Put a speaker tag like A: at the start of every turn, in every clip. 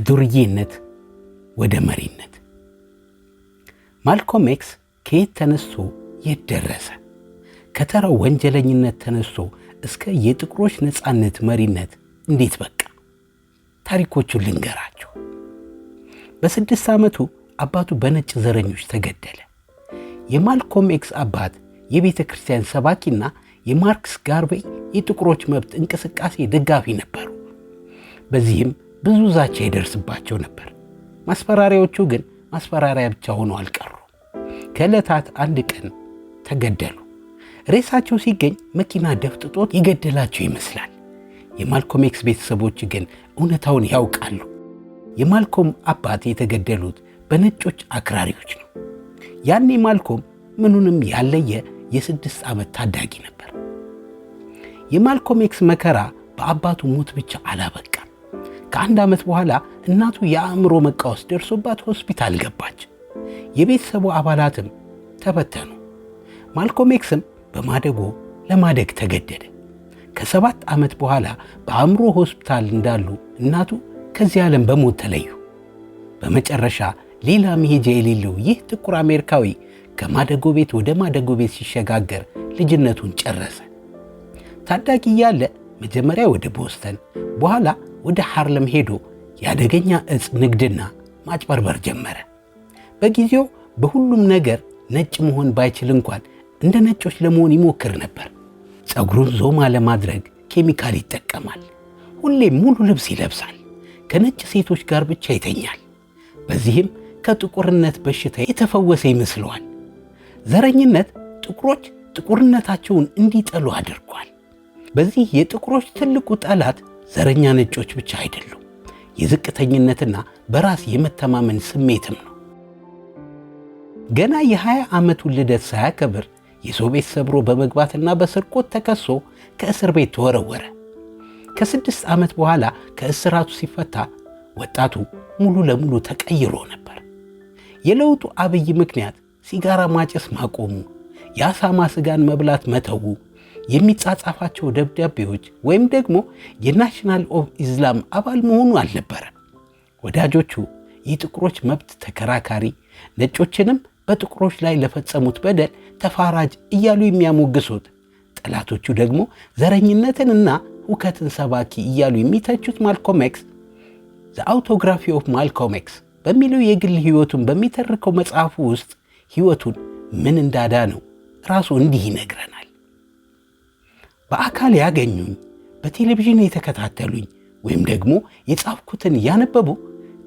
A: ከዱርዬነት ወደ መሪነት ማልኮም ኤክስ ከየት ተነስቶ የት ደረሰ? ከተራው ወንጀለኝነት ተነስቶ እስከ የጥቁሮች ነፃነት መሪነት እንዴት በቃ? ታሪኮቹን ልንገራችሁ። በስድስት ዓመቱ አባቱ በነጭ ዘረኞች ተገደለ። የማልኮም ኤክስ አባት የቤተ ክርስቲያን ሰባኪና የማርክስ ጋርቤይ የጥቁሮች መብት እንቅስቃሴ ደጋፊ ነበሩ። በዚህም ብዙ ዛቻ ይደርስባቸው ነበር። ማስፈራሪያዎቹ ግን ማስፈራሪያ ብቻ ሆኖ አልቀሩ። ከዕለታት አንድ ቀን ተገደሉ። ሬሳቸው ሲገኝ መኪና ደፍጥጦት ይገደላቸው ይመስላል። የማልኮም ኤክስ ቤተሰቦች ግን እውነታውን ያውቃሉ። የማልኮም አባት የተገደሉት በነጮች አክራሪዎች ነው። ያኔ ማልኮም ምኑንም ያለየ የስድስት ዓመት ታዳጊ ነበር። የማልኮም ኤክስ መከራ በአባቱ ሞት ብቻ አላበቃ። ከአንድ ዓመት በኋላ እናቱ የአእምሮ መቃወስ ደርሶባት ሆስፒታል ገባች። የቤተሰቡ አባላትም ተበተኑ። ማልኮም ኤክስም በማደጎ ለማደግ ተገደደ። ከሰባት ዓመት በኋላ በአእምሮ ሆስፒታል እንዳሉ እናቱ ከዚህ ዓለም በሞት ተለዩ። በመጨረሻ ሌላ መሄጃ የሌለው ይህ ጥቁር አሜሪካዊ ከማደጎ ቤት ወደ ማደጎ ቤት ሲሸጋገር ልጅነቱን ጨረሰ። ታዳጊ እያለ መጀመሪያ ወደ ቦስተን በኋላ ወደ ሐርለም ሄዶ የአደገኛ እጽ ንግድና ማጭበርበር ጀመረ። በጊዜው በሁሉም ነገር ነጭ መሆን ባይችል እንኳን እንደ ነጮች ለመሆን ይሞክር ነበር። ፀጉሩን ዞማ ለማድረግ ኬሚካል ይጠቀማል። ሁሌም ሙሉ ልብስ ይለብሳል። ከነጭ ሴቶች ጋር ብቻ ይተኛል። በዚህም ከጥቁርነት በሽታ የተፈወሰ ይመስለዋል። ዘረኝነት ጥቁሮች ጥቁርነታቸውን እንዲጠሉ አድርጓል። በዚህ የጥቁሮች ትልቁ ጠላት ዘረኛ ነጮች ብቻ አይደሉም። የዝቅተኝነትና በራስ የመተማመን ስሜትም ነው። ገና የ20 ዓመቱን ልደት ሳያከብር የሰው ቤት ሰብሮ በመግባትና በስርቆት ተከሶ ከእስር ቤት ተወረወረ። ከስድስት ዓመት በኋላ ከእስራቱ ሲፈታ ወጣቱ ሙሉ ለሙሉ ተቀይሮ ነበር። የለውጡ አብይ ምክንያት ሲጋራ ማጨስ ማቆሙ፣ የአሳማ ስጋን መብላት መተዉ የሚጻጻፋቸው ደብዳቤዎች ወይም ደግሞ የናሽናል ኦፍ ኢስላም አባል መሆኑ አልነበረ። ወዳጆቹ የጥቁሮች መብት ተከራካሪ፣ ነጮችንም በጥቁሮች ላይ ለፈጸሙት በደል ተፋራጅ እያሉ የሚያሞግሱት፣ ጠላቶቹ ደግሞ ዘረኝነትንና ሁከትን ሰባኪ እያሉ የሚተቹት ማልኮም ኤክስ ዘ አውቶግራፊ ኦፍ ማልኮም ኤክስ በሚለው የግል ሕይወቱን በሚተርከው መጽሐፉ ውስጥ ሕይወቱን ምን እንዳዳ ነው ራሱ እንዲህ ይነግረናል። በአካል ያገኙኝ፣ በቴሌቪዥን የተከታተሉኝ ወይም ደግሞ የጻፍኩትን እያነበቡ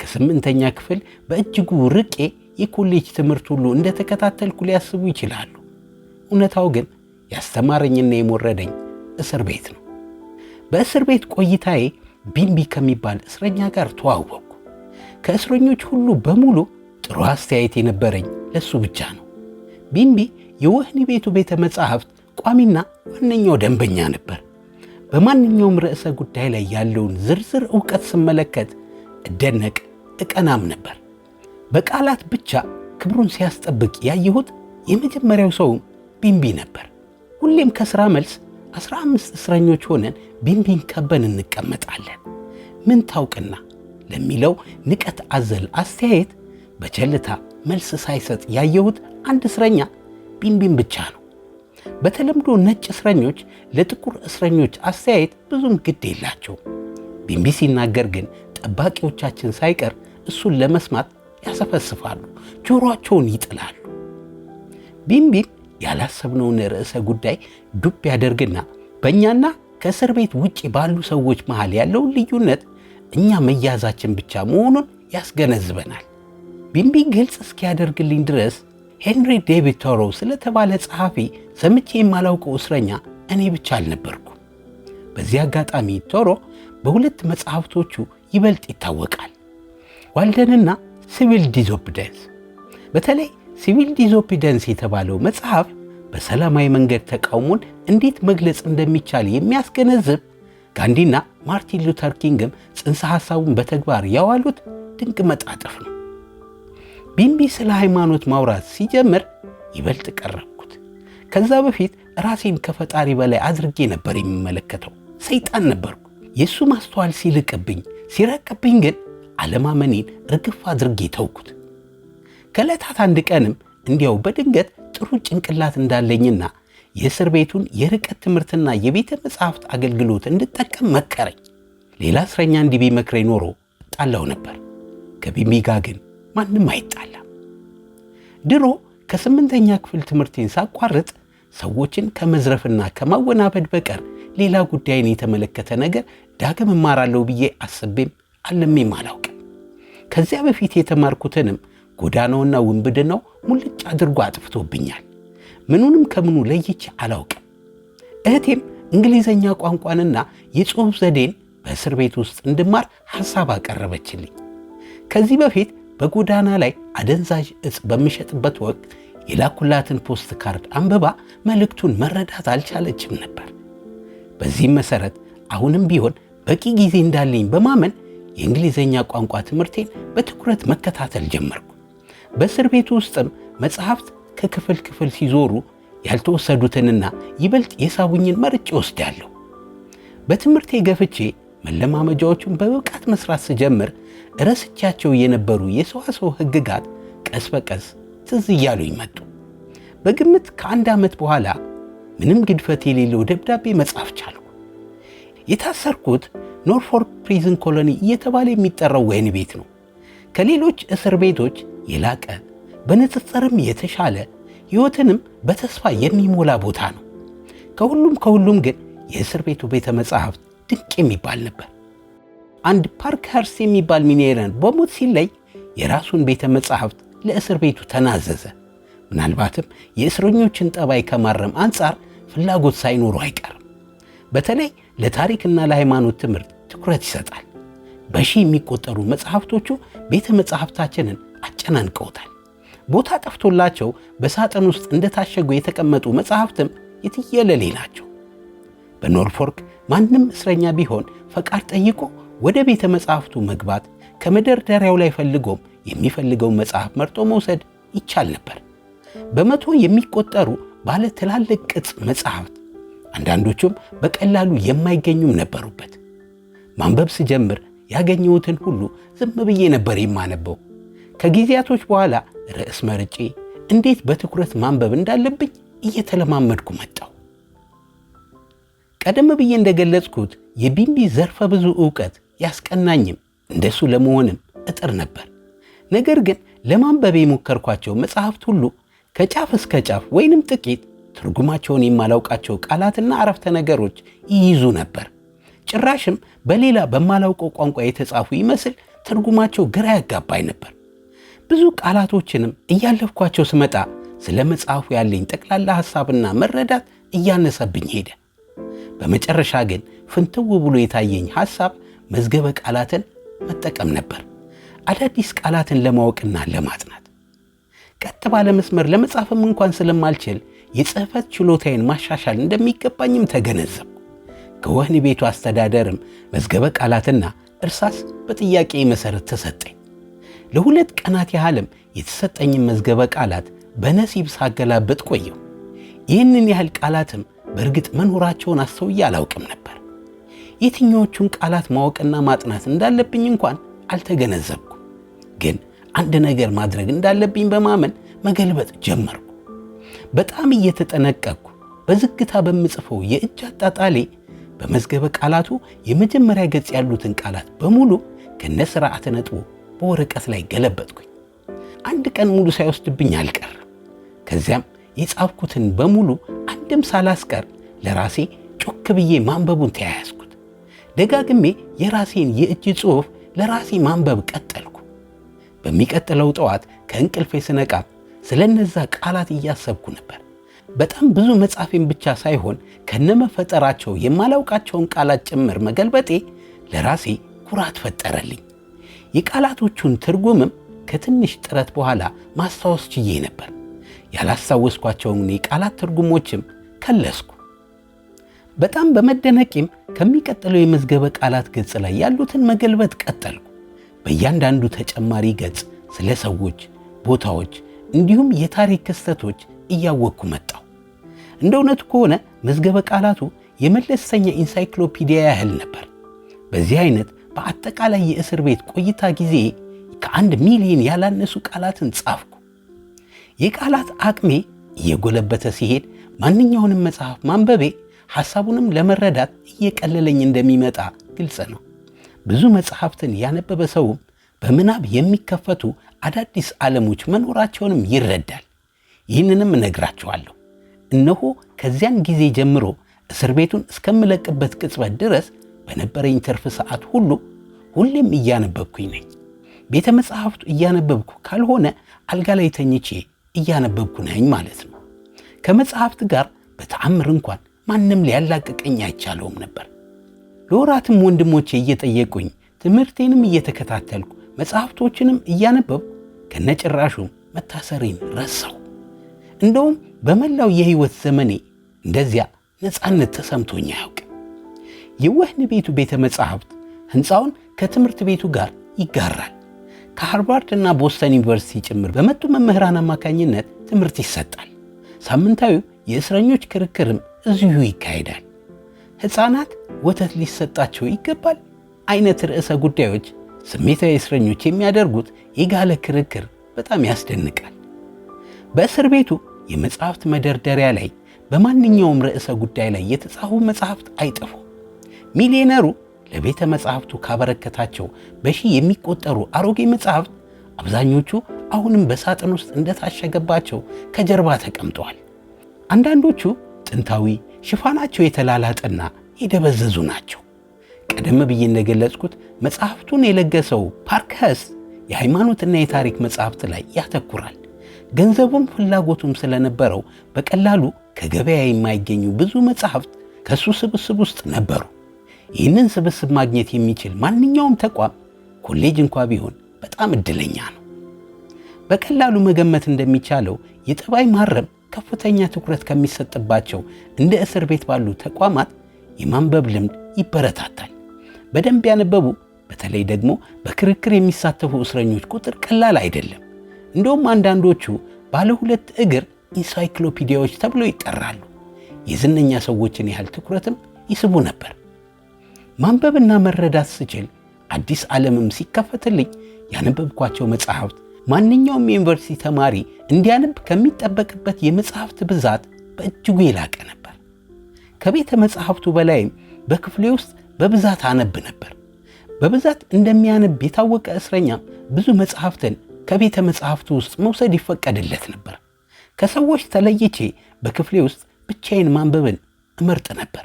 A: ከስምንተኛ ክፍል በእጅጉ ርቄ የኮሌጅ ትምህርት ሁሉ እንደተከታተልኩ ሊያስቡ ይችላሉ። እውነታው ግን ያስተማረኝና የሞረደኝ እስር ቤት ነው። በእስር ቤት ቆይታዬ ቢምቢ ከሚባል እስረኛ ጋር ተዋወቅኩ። ከእስረኞች ሁሉ በሙሉ ጥሩ አስተያየት የነበረኝ ለሱ ብቻ ነው። ቢምቢ የወህኒ ቤቱ ቤተ መጻሕፍት ቋሚና ዋነኛው ደንበኛ ነበር። በማንኛውም ርዕሰ ጉዳይ ላይ ያለውን ዝርዝር እውቀት ስመለከት እደነቅ እቀናም ነበር። በቃላት ብቻ ክብሩን ሲያስጠብቅ ያየሁት የመጀመሪያው ሰው ቢንቢ ነበር። ሁሌም ከሥራ መልስ 15 እስረኞች ሆነን ቢንቢን ከበን እንቀመጣለን። ምን ታውቅና ለሚለው ንቀት አዘል አስተያየት በቸልታ መልስ ሳይሰጥ ያየሁት አንድ እስረኛ ቢንቢን ብቻ ነው። በተለምዶ ነጭ እስረኞች ለጥቁር እስረኞች አስተያየት ብዙም ግድ የላቸውም። ቢምቢ ሲናገር ግን ጠባቂዎቻችን ሳይቀር እሱን ለመስማት ያሰፈስፋሉ፣ ጆሮአቸውን ይጥላሉ። ቢምቢም ያላሰብነውን ርዕሰ ጉዳይ ዱብ ያደርግና በእኛና ከእስር ቤት ውጭ ባሉ ሰዎች መሃል ያለውን ልዩነት እኛ መያዛችን ብቻ መሆኑን ያስገነዝበናል። ቢምቢ ግልጽ እስኪያደርግልኝ ድረስ ሄንሪ ዴቪድ ቶሮ ስለተባለ ጸሐፊ ሰምቼ የማላውቀው እስረኛ እኔ ብቻ አልነበርኩ። በዚህ አጋጣሚ ቶሮ በሁለት መጽሐፍቶቹ ይበልጥ ይታወቃል፣ ዋልደንና ሲቪል ዲሶፒደንስ። በተለይ ሲቪል ዲሶፒደንስ የተባለው መጽሐፍ በሰላማዊ መንገድ ተቃውሞን እንዴት መግለጽ እንደሚቻል የሚያስገነዝብ ጋንዲና ማርቲን ሉተር ኪንግም ጽንሰ ሐሳቡን በተግባር ያዋሉት ድንቅ መጣጥፍ ነው። ቢምቢ ስለ ሃይማኖት ማውራት ሲጀምር ይበልጥ ቀረብኩት። ከዛ በፊት ራሴን ከፈጣሪ በላይ አድርጌ ነበር የሚመለከተው። ሰይጣን ነበርኩ። የእሱ ማስተዋል ሲልቅብኝ፣ ሲረቅብኝ ግን አለማመኔን እርግፍ አድርጌ ተውኩት። ከዕለታት አንድ ቀንም እንዲያው በድንገት ጥሩ ጭንቅላት እንዳለኝና የእስር ቤቱን የርቀት ትምህርትና የቤተ መጻሕፍት አገልግሎት እንድጠቀም መከረኝ። ሌላ እስረኛ እንዲህ ቢመክረኝ ኖሮ ጣላው ነበር። ከቢምቢ ጋር ግን ማንም አይጣላም። ድሮ ከስምንተኛ ክፍል ትምህርቴን ሳቋርጥ ሰዎችን ከመዝረፍና ከማወናበድ በቀር ሌላ ጉዳይን የተመለከተ ነገር ዳግም እማራለሁ ብዬ አስቤም አለም አላውቅም። ከዚያ በፊት የተማርኩትንም ጎዳናውና ውንብድናው ሙልጭ አድርጎ አጥፍቶብኛል። ምኑንም ከምኑ ለይቼ አላውቅም። እህቴም እንግሊዘኛ ቋንቋንና የጽሑፍ ዘዴን በእስር ቤት ውስጥ እንድማር ሐሳብ አቀረበችልኝ። ከዚህ በፊት በጎዳና ላይ አደንዛዥ እጽ በሚሸጥበት ወቅት የላኩላትን ፖስት ካርድ አንብባ መልእክቱን መረዳት አልቻለችም ነበር። በዚህም መሰረት አሁንም ቢሆን በቂ ጊዜ እንዳለኝ በማመን የእንግሊዝኛ ቋንቋ ትምህርቴን በትኩረት መከታተል ጀመርኩ። በእስር ቤቱ ውስጥም መጽሐፍት ከክፍል ክፍል ሲዞሩ ያልተወሰዱትንና ይበልጥ የሳቡኝን መርጬ ወስዳለሁ። በትምህርቴ ገፍቼ መለማመጃዎቹን በብቃት መስራት ስጀምር ረስቻቸው የነበሩ የሰዋሰው ሕግጋት ቀስ በቀስ ትዝ እያሉ ይመጡ። በግምት ከአንድ ዓመት በኋላ ምንም ግድፈት የሌለው ደብዳቤ መጻፍ ቻልኩ። የታሰርኩት ኖርፎርክ ፕሪዝን ኮሎኒ እየተባለ የሚጠራው ወህኒ ቤት ነው። ከሌሎች እስር ቤቶች የላቀ በንጽጽርም የተሻለ ሕይወትንም በተስፋ የሚሞላ ቦታ ነው። ከሁሉም ከሁሉም ግን የእስር ቤቱ ቤተ መጻሕፍት ድንቅ የሚባል ነበር። አንድ ፓርክኸርስ የሚባል ሚሊየነር በሞት ሲለይ የራሱን ቤተ መጻሕፍት ለእስር ቤቱ ተናዘዘ። ምናልባትም የእስረኞችን ጠባይ ከማረም አንጻር ፍላጎት ሳይኖሩ አይቀርም። በተለይ ለታሪክና ለሃይማኖት ትምህርት ትኩረት ይሰጣል። በሺህ የሚቆጠሩ መጽሐፍቶቹ ቤተ መጽሐፍታችንን አጨናንቀውታል። ቦታ ጠፍቶላቸው በሳጥን ውስጥ እንደታሸጉ የተቀመጡ መጽሐፍትም የትየለሌ ናቸው። በኖርፎርክ ማንም እስረኛ ቢሆን ፈቃድ ጠይቆ ወደ ቤተ መጻሕፍቱ መግባት፣ ከመደርደሪያው ላይ ፈልጎም የሚፈልገውን መጽሐፍ መርጦ መውሰድ ይቻል ነበር። በመቶ የሚቆጠሩ ባለ ትላልቅ ቅጽ መጽሐፍት፣ አንዳንዶቹም በቀላሉ የማይገኙም ነበሩበት። ማንበብ ስጀምር ያገኘሁትን ሁሉ ዝም ብዬ ነበር የማነበው። ከጊዜያቶች በኋላ ርዕስ መርጬ እንዴት በትኩረት ማንበብ እንዳለብኝ እየተለማመድኩ መጣሁ። ቀደም ብዬ እንደገለጽኩት የቢምቢ ዘርፈ ብዙ ዕውቀት ያስቀናኝም እንደሱ ለመሆንም እጥር ነበር። ነገር ግን ለማንበብ የሞከርኳቸው መጽሐፍት ሁሉ ከጫፍ እስከ ጫፍ ወይንም ጥቂት ትርጉማቸውን የማላውቃቸው ቃላትና አረፍተ ነገሮች ይይዙ ነበር። ጭራሽም በሌላ በማላውቀው ቋንቋ የተጻፉ ይመስል ትርጉማቸው ግራ ያጋባኝ ነበር። ብዙ ቃላቶችንም እያለፍኳቸው ስመጣ ስለ መጽሐፉ ያለኝ ጠቅላላ ሐሳብና መረዳት እያነሰብኝ ሄደ። በመጨረሻ ግን ፍንትው ብሎ የታየኝ ሐሳብ መዝገበ ቃላትን መጠቀም ነበር። አዳዲስ ቃላትን ለማወቅና ለማጥናት ቀጥ ባለ መስመር ለመጻፍም እንኳን ስለማልችል የጽህፈት ችሎታዬን ማሻሻል እንደሚገባኝም ተገነዘብ። ከወህኒ ቤቱ አስተዳደርም መዝገበ ቃላትና እርሳስ በጥያቄ መሠረት ተሰጠኝ። ለሁለት ቀናት ያህልም የተሰጠኝን መዝገበ ቃላት በነሲብ ሳገላበጥ ቆየው። ይህንን ያህል ቃላትም በእርግጥ መኖራቸውን አስተውዬ አላውቅም ነበር። የትኞቹን ቃላት ማወቅና ማጥናት እንዳለብኝ እንኳን አልተገነዘብኩ ግን አንድ ነገር ማድረግ እንዳለብኝ በማመን መገልበጥ ጀመርኩ። በጣም እየተጠነቀቅኩ በዝግታ በምጽፈው የእጅ አጣጣሌ በመዝገበ ቃላቱ የመጀመሪያ ገጽ ያሉትን ቃላት በሙሉ ከነ ስርዓተ ነጥቦ በወረቀት ላይ ገለበጥኩኝ። አንድ ቀን ሙሉ ሳይወስድብኝ አልቀርም። ከዚያም የጻፍኩትን በሙሉ አንድም ሳላስቀር ለራሴ ጮክ ብዬ ማንበቡን ተያያዝኩ። ደጋግሜ የራሴን የእጅ ጽሑፍ ለራሴ ማንበብ ቀጠልኩ። በሚቀጥለው ጠዋት ከእንቅልፌ ስነቃ ስለነዛ ቃላት እያሰብኩ ነበር። በጣም ብዙ መጻፌን ብቻ ሳይሆን ከነመፈጠራቸው የማላውቃቸውን ቃላት ጭምር መገልበጤ ለራሴ ኩራት ፈጠረልኝ። የቃላቶቹን ትርጉምም ከትንሽ ጥረት በኋላ ማስታወስ ችዬ ነበር። ያላስታወስኳቸውን የቃላት ትርጉሞችም ከለስኩ። በጣም በመደነቄም ከሚቀጥለው የመዝገበ ቃላት ገጽ ላይ ያሉትን መገልበጥ ቀጠልኩ። በእያንዳንዱ ተጨማሪ ገጽ ስለ ሰዎች፣ ቦታዎች እንዲሁም የታሪክ ክስተቶች እያወቅኩ መጣሁ። እንደ እውነቱ ከሆነ መዝገበ ቃላቱ የመለስተኛ ኢንሳይክሎፒዲያ ያህል ነበር። በዚህ አይነት በአጠቃላይ የእስር ቤት ቆይታ ጊዜ ከአንድ ሚሊዮን ያላነሱ ቃላትን ጻፍኩ። የቃላት አቅሜ እየጎለበተ ሲሄድ ማንኛውንም መጽሐፍ ማንበቤ ሐሳቡንም ለመረዳት እየቀለለኝ እንደሚመጣ ግልጽ ነው። ብዙ መጽሐፍትን ያነበበ ሰውም በምናብ የሚከፈቱ አዳዲስ ዓለሞች መኖራቸውንም ይረዳል። ይህንንም እነግራችኋለሁ። እነሆ ከዚያን ጊዜ ጀምሮ እስር ቤቱን እስከምለቅበት ቅጽበት ድረስ በነበረኝ ትርፍ ሰዓት ሁሉ ሁሌም እያነበብኩኝ ነኝ። ቤተ መጽሐፍቱ እያነበብኩ ካልሆነ አልጋ ላይ ተኝቼ እያነበብኩ ነኝ ማለት ነው። ከመጽሐፍት ጋር በተአምር እንኳን ማንም ሊያላቅቀኝ አይቻለውም ነበር። ለወራትም ወንድሞቼ እየጠየቁኝ ትምህርቴንም እየተከታተልኩ መጽሐፍቶችንም እያነበብኩ ከነጭራሹ መታሰሬን ረሳው። እንደውም በመላው የሕይወት ዘመኔ እንደዚያ ነፃነት ተሰምቶኝ አያውቅም። የወህኒ ቤቱ ቤተ መጽሐፍት ሕንፃውን ከትምህርት ቤቱ ጋር ይጋራል። ከሃርቫርድ እና ቦስተን ዩኒቨርሲቲ ጭምር በመጡ መምህራን አማካኝነት ትምህርት ይሰጣል። ሳምንታዊው የእስረኞች ክርክርም እዚሁ ይካሄዳል። ሕፃናት ወተት ሊሰጣቸው ይገባል አይነት ርዕሰ ጉዳዮች ስሜታዊ እስረኞች የሚያደርጉት የጋለ ክርክር በጣም ያስደንቃል። በእስር ቤቱ የመጽሐፍት መደርደሪያ ላይ በማንኛውም ርዕሰ ጉዳይ ላይ የተጻፉ መጽሐፍት አይጠፉ። ሚሊዮነሩ ለቤተ መጽሐፍቱ ካበረከታቸው በሺህ የሚቆጠሩ አሮጌ መጽሐፍት አብዛኞቹ አሁንም በሳጥን ውስጥ እንደታሸገባቸው ከጀርባ ተቀምጠዋል። አንዳንዶቹ ጥንታዊ ሽፋናቸው የተላላጠና የደበዘዙ ናቸው። ቀደም ብዬ እንደገለጽኩት መጽሐፍቱን የለገሰው ፓርክኸስ የሃይማኖትና የታሪክ መጽሐፍት ላይ ያተኩራል። ገንዘቡም ፍላጎቱም ስለነበረው በቀላሉ ከገበያ የማይገኙ ብዙ መጽሐፍት ከእሱ ስብስብ ውስጥ ነበሩ። ይህንን ስብስብ ማግኘት የሚችል ማንኛውም ተቋም ኮሌጅ እንኳ ቢሆን በጣም እድለኛ ነው። በቀላሉ መገመት እንደሚቻለው የጠባይ ማረም ከፍተኛ ትኩረት ከሚሰጥባቸው እንደ እስር ቤት ባሉ ተቋማት የማንበብ ልምድ ይበረታታል። በደንብ ያነበቡ በተለይ ደግሞ በክርክር የሚሳተፉ እስረኞች ቁጥር ቀላል አይደለም። እንደውም አንዳንዶቹ ባለ ሁለት እግር ኢንሳይክሎፒዲያዎች ተብለው ይጠራሉ። የዝነኛ ሰዎችን ያህል ትኩረትም ይስቡ ነበር። ማንበብና መረዳት ስችል አዲስ ዓለምም ሲከፈትልኝ ያነበብኳቸው መጽሐፍት ማንኛውም የዩኒቨርሲቲ ተማሪ እንዲያነብ ከሚጠበቅበት የመጽሐፍት ብዛት በእጅጉ የላቀ ነበር። ከቤተ መጽሐፍቱ በላይም በክፍሌ ውስጥ በብዛት አነብ ነበር። በብዛት እንደሚያነብ የታወቀ እስረኛ ብዙ መጽሐፍትን ከቤተ መጽሐፍቱ ውስጥ መውሰድ ይፈቀድለት ነበር። ከሰዎች ተለይቼ በክፍሌ ውስጥ ብቻዬን ማንበብን እመርጥ ነበር።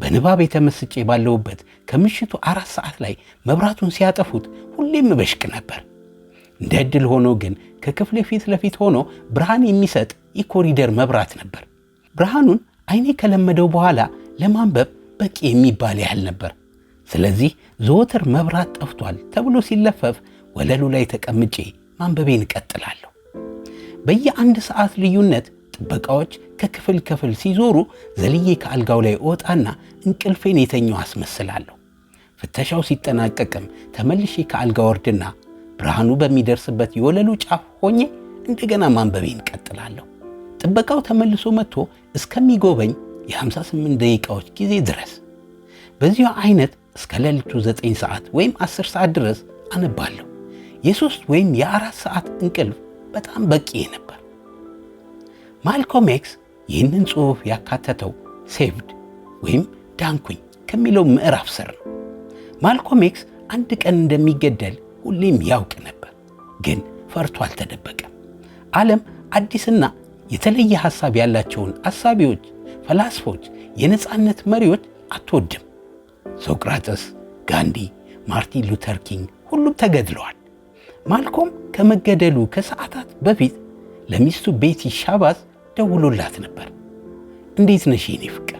A: በንባብ የተመስጬ ባለሁበት ከምሽቱ አራት ሰዓት ላይ መብራቱን ሲያጠፉት ሁሌም እበሽቅ ነበር። እንደ ዕድል ሆኖ ግን ከክፍሌ ፊት ለፊት ሆኖ ብርሃን የሚሰጥ የኮሪደር መብራት ነበር። ብርሃኑን አይኔ ከለመደው በኋላ ለማንበብ በቂ የሚባል ያህል ነበር። ስለዚህ ዘወትር መብራት ጠፍቷል ተብሎ ሲለፈፍ ወለሉ ላይ ተቀምጬ ማንበቤን እቀጥላለሁ። በየአንድ ሰዓት ልዩነት ጥበቃዎች ከክፍል ክፍል ሲዞሩ ዘልዬ ከአልጋው ላይ እወጣና እንቅልፌን የተኛው አስመስላለሁ። ፍተሻው ሲጠናቀቅም ተመልሼ ከአልጋ ወርድና ብርሃኑ በሚደርስበት የወለሉ ጫፍ ሆኜ እንደገና ማንበቤን ቀጥላለሁ። ጥበቃው ተመልሶ መጥቶ እስከሚጎበኝ የ58 ደቂቃዎች ጊዜ ድረስ በዚሁ አይነት እስከ ሌሊቱ 9 ሰዓት ወይም 10 ሰዓት ድረስ አነባለሁ። የሶስት ወይም የአራት ሰዓት እንቅልፍ በጣም በቂ ነበር። ማልኮም ኤክስ ይህንን ጽሑፍ ያካተተው ሴቭድ ወይም ዳንኩኝ ከሚለው ምዕራፍ ስር ነው። ማልኮም ኤክስ አንድ ቀን እንደሚገደል ሁሌም ያውቅ ነበር፣ ግን ፈርቶ አልተደበቀም። ዓለም አዲስና የተለየ ሐሳብ ያላቸውን አሳቢዎች፣ ፈላስፎች፣ የነፃነት መሪዎች አትወድም። ሶቅራጠስ፣ ጋንዲ፣ ማርቲን ሉተር ኪንግ ሁሉም ተገድለዋል። ማልኮም ከመገደሉ ከሰዓታት በፊት ለሚስቱ ቤቲ ሻባዝ ደውሎላት ነበር። እንዴት ነሽ የኔ ፍቅር?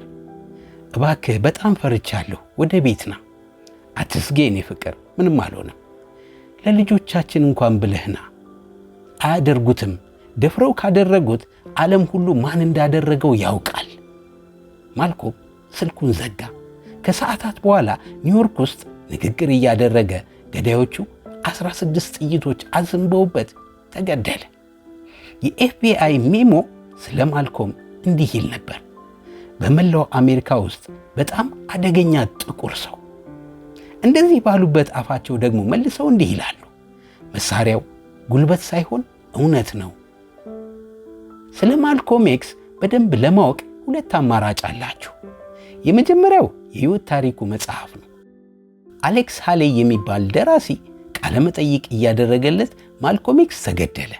A: እባክህ በጣም ፈርቻለሁ፣ ወደ ቤት ና። አትስጌ የኔ ፍቅር፣ ምንም አልሆነም ለልጆቻችን እንኳን ብለህና አያደርጉትም። ደፍረው ካደረጉት ዓለም ሁሉ ማን እንዳደረገው ያውቃል። ማልኮም ስልኩን ዘጋ። ከሰዓታት በኋላ ኒውዮርክ ውስጥ ንግግር እያደረገ ገዳዮቹ 16 ጥይቶች አዝንበውበት ተገደለ። የኤፍቢአይ ሜሞ ስለ ማልኮም እንዲህ ይል ነበር። በመላው አሜሪካ ውስጥ በጣም አደገኛ ጥቁር ሰው እንደዚህ ባሉበት አፋቸው ደግሞ መልሰው እንዲህ ይላሉ፣ መሳሪያው ጉልበት ሳይሆን እውነት ነው። ስለ ማልኮም ኤክስ በደንብ ለማወቅ ሁለት አማራጭ አላችሁ። የመጀመሪያው የሕይወት ታሪኩ መጽሐፍ ነው። አሌክስ ሃሌ የሚባል ደራሲ ቃለመጠይቅ እያደረገለት ማልኮም ኤክስ ተገደለ።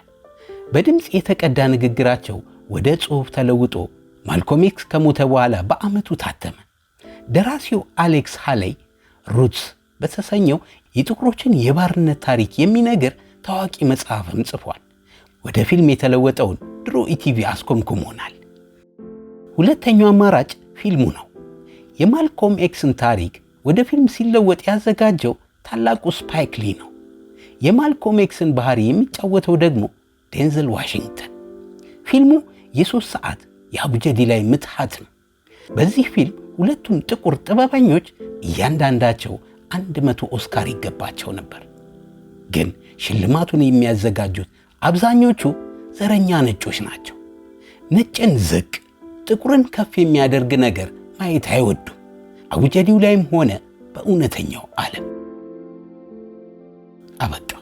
A: በድምፅ የተቀዳ ንግግራቸው ወደ ጽሑፍ ተለውጦ ማልኮም ኤክስ ከሞተ በኋላ በዓመቱ ታተመ። ደራሲው አሌክስ ሃሌይ ሩትስ በተሰኘው የጥቁሮችን የባርነት ታሪክ የሚነግር ታዋቂ መጽሐፍም ጽፏል። ወደ ፊልም የተለወጠውን ድሮ ኢቲቪ አስኮምኩሞናል። ሁለተኛው አማራጭ ፊልሙ ነው። የማልኮም ኤክስን ታሪክ ወደ ፊልም ሲለወጥ ያዘጋጀው ታላቁ ስፓይክ ሊ ነው። የማልኮም ኤክስን ባህሪ የሚጫወተው ደግሞ ዴንዘል ዋሽንግተን። ፊልሙ የሶስት ሰዓት የአቡጀዲ ላይ ምትሃት ነው። በዚህ ፊልም ሁለቱም ጥቁር ጥበበኞች እያንዳንዳቸው አንድ መቶ ኦስካር ይገባቸው ነበር። ግን ሽልማቱን የሚያዘጋጁት አብዛኞቹ ዘረኛ ነጮች ናቸው። ነጭን ዝቅ ጥቁርን ከፍ የሚያደርግ ነገር ማየት አይወዱም። አቡጀዲው ላይም ሆነ በእውነተኛው ዓለም አበቃ።